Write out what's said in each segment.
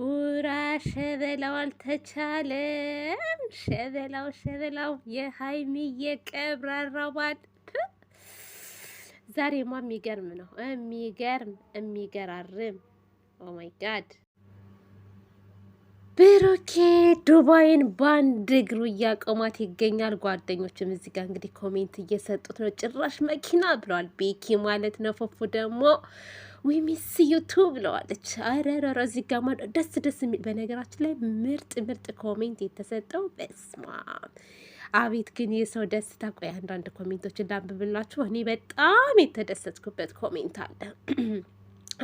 ቡራ ሸበላው አልተቻለም። ሸበላው ሸበላው የሀይሚዬ ቀብራራው ባል ዛሬማ የሚገርም ነው። የሚገርም የሚገራርም ኦማይ oh ጋድ ብሩኬ ዱባይን በአንድ እግሩ እያቆማት ይገኛል። ጓደኞችም እዚህ ጋር እንግዲህ ኮሜንት እየሰጡት ነው። ጭራሽ መኪና ብለዋል ቤኪ ማለት ነው። ፉፉ ደግሞ ዊ ሚስ ዩቱ ብለዋለች። አረረረ እዚህ ጋማ ደስ ደስ የሚል በነገራችን ላይ ምርጥ ምርጥ ኮሜንት የተሰጠው በስማ አቤት ግን የሰው ደስታ። ቆይ አንዳንድ ኮሜንቶች እንዳንብብላችሁ። እኔ በጣም የተደሰትኩበት ኮሜንት አለ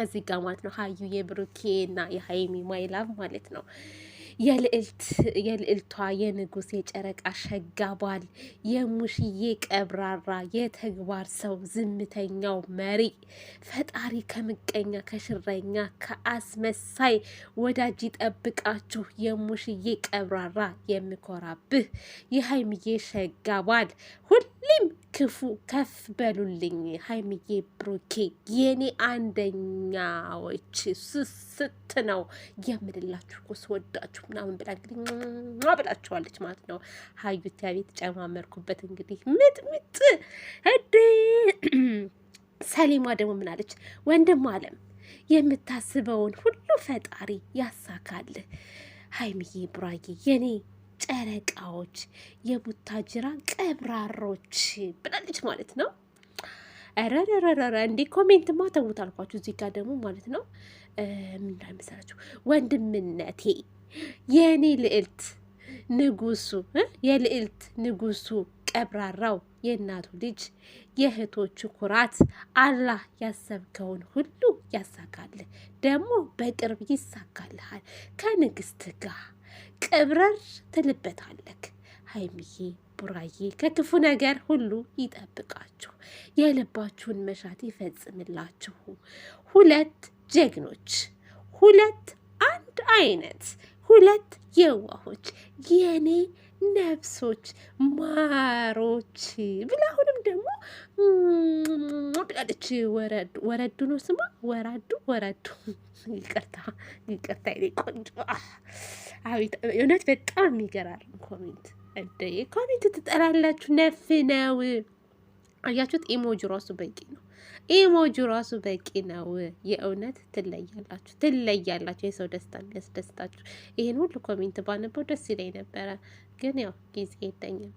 እዚህ ጋ ማለት ነው ሀዩ የብሩኬ እና የሀይሚ ማይላቭ ማለት ነው የልዕልት የልዕልቷ የንጉስ የጨረቃ ሸጋ ባል የሙሽዬ ቀብራራ የተግባር ሰው ዝምተኛው መሪ ፈጣሪ ከምቀኛ ከሽረኛ ከአስመሳይ ወዳጅ ይጠብቃችሁ። የሙሽዬ ቀብራራ የምኮራብህ የሀይምዬ ሸጋ ባል ሁሌም ክፉ ከፍ በሉልኝ ሀይሚዬ ብሩኬ የኔ አንደኛዎች ስስት ነው የምልላችሁ እኮ ስወዳችሁ ምናምን ብላ እንግዲህ ብላችኋለች ማለት ነው። ሀዩት ያቤት ጨማመርኩበት እንግዲህ ምጥምጥ እድ ሰሊማ ደግሞ ምናለች ወንድም አለም የምታስበውን ሁሉ ፈጣሪ ያሳካልህ ሀይሚዬ ብራዬ የኔ ጨረቃዎች፣ የቡታጅራ ቀብራሮች ብላለች ማለት ነው። ረረረረ እንዴ ኮሜንትማ ተውት አልኳችሁ። እዚህ ጋር ደግሞ ማለት ነው ምንዳ መሰላችሁ ወንድምነቴ የእኔ ልዕልት ንጉሱ የልዕልት ንጉሱ ቀብራራው የእናቱ ልጅ የእህቶቹ ኩራት አላህ ያሰብከውን ሁሉ ያሳካልህ። ደግሞ በቅርብ ይሳካልሃል ከንግስት ጋር ቅብረር ትልበታለክ። ሀይሚዬ ቡራዬ ከክፉ ነገር ሁሉ ይጠብቃችሁ፣ የልባችሁን መሻት ይፈጽምላችሁ። ሁለት ጀግኖች፣ ሁለት አንድ አይነት፣ ሁለት የዋሆች የኔ ነፍሶች ማሮች ብላ አሁንም ደግሞ ብላለች። ወረዱ ነው ስማ፣ ወራዱ ወረዱ። ይቅርታ ይቅርታ፣ ይ ቆንጆ። እውነት በጣም የሚገራርም ኮሜንት እደ ኮሜንት ትጠላላችሁ። ነፍ ነው አያችሁት? ኢሞጅ ራሱ በቂ ነው። ኢሞጅ ራሱ በቂ ነው። የእውነት ትለያላችሁ፣ ትለያላችሁ። የሰው ደስታ የሚያስደስታችሁ። ይህን ሁሉ ኮሜንት ባነበው ደስ ይለኝ ነበረ፣ ግን ያው ጊዜ የለኝም።